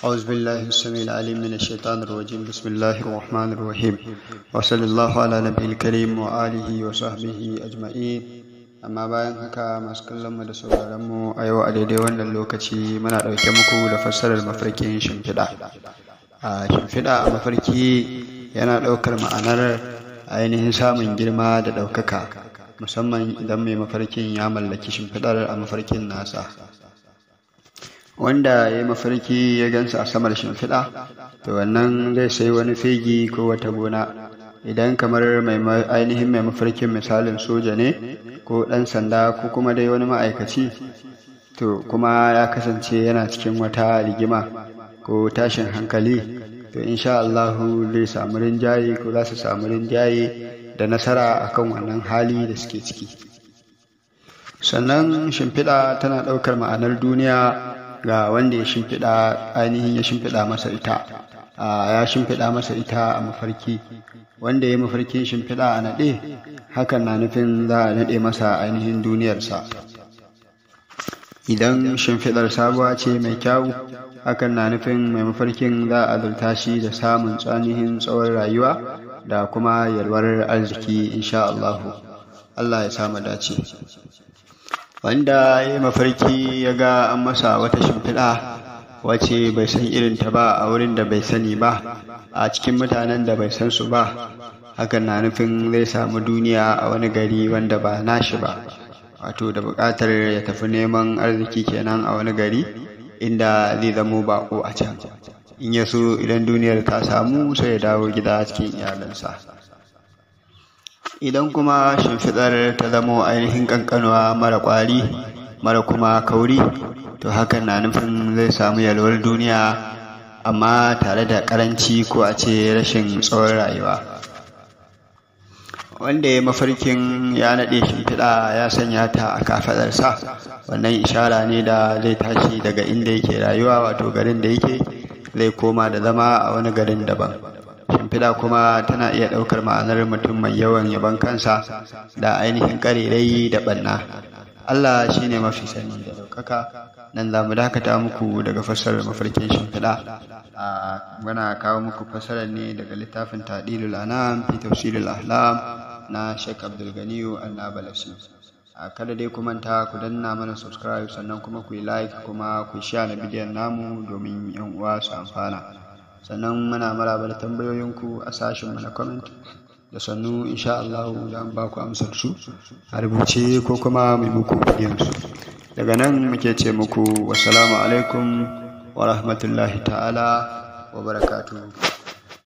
أعوذ بالله السميع العليم من الشيطان الرجيم بسم الله الرحمن الرحيم وصلى الله على نبي الكريم وآله وصحبه amma bayan haka masu kallon mu da sauraron mu a yau a daidai wannan lokaci muna ɗauke muku da fassarar mafarkin shimfiɗa a shimfiɗa a mafarki yana ɗaukar ma'anar ainihin samun girma da ɗaukaka musamman idan mai mafarkin ya mallaki shimfiɗar a mafarkin nasa wanda ya mafarki ya gansa a samar shimfiɗa to wannan zai sai wani fegi ko wata gona idan kamar mai ainihin mai mafarkin misalin soja ne ko ɗan sanda ko kuma dai wani ma'aikaci to kuma ya kasance yana cikin wata rigima ko tashin hankali to insha Allahu zai samu rinjaye ko za su samu rinjaye da nasara akan wannan hali da suke ciki sannan shimfiɗa tana ɗaukar ma'anar duniya ga wanda ya shimfiɗa ainihin ya shimfiɗa masa ita ya shimfiɗa masa ita a mafarki wanda ya mafarkin shimfiɗa a naɗe hakan na nufin za a naɗe masa ainihin duniyarsa idan shimfiɗar sabuwa ce mai kyau, hakan na nufin mai mafarkin za a zurta shi da samun tsanihin tsawon rayuwa da kuma yalwar arziki insha Allah ya samu dace wanda ya mafarki ya ga an masa wata shimfiɗa wace bai san irin ta ba a wurin da bai sani ba a cikin mutanen da bai san su ba hakan na nufin zai samu duniya a wani gari wanda ba nashi ba wato da buƙatar ya tafi neman arziki kenan a wani gari inda zai zamo baƙo a can in ya so idan duniyar ta samu sai ya dawo gida cikin iyalansa idan kuma shimfiɗar ta zamo ainihin ƙanƙanuwa mara ƙwari mara kuma kauri to hakan na nufin zai samu yalwar duniya amma tare da ƙaranci ko a ce rashin tsawon rayuwa wanda ya mafarkin ya naɗe shimfiɗa ya sanya ta a kafaɗarsa wannan ishara ne da zai tashi daga inda yake rayuwa wato garin da yake zai koma da zama a wani garin daban shimfiɗa kuma tana iya ɗaukar ma'anar mutum mai yawan yaban kansa da ainihin ƙarirai da ɓanna Allah shi ne mafi sani da ɗaukaka nan za mu dakata muku daga fassarar mafarkin shimfiɗa a muna kawo muku fassarar ne daga littafin tadilul anam fi tafsirul ahlam na Sheikh Abdul Ganiyu Annabalasi a kada dai ku manta ku danna mana subscribe sannan kuma ku yi like kuma ku share na bidiyon namu domin yan uwa su amfana sannan muna maraba da tambayoyinku a sashen na comment da sannu insha Allah za mu ba ku amsar su a rubuce ko kuma mai muku bidiyon su daga nan muke ce muku wassalamu alaikum wa rahmatullahi ta'ala wa barakatu.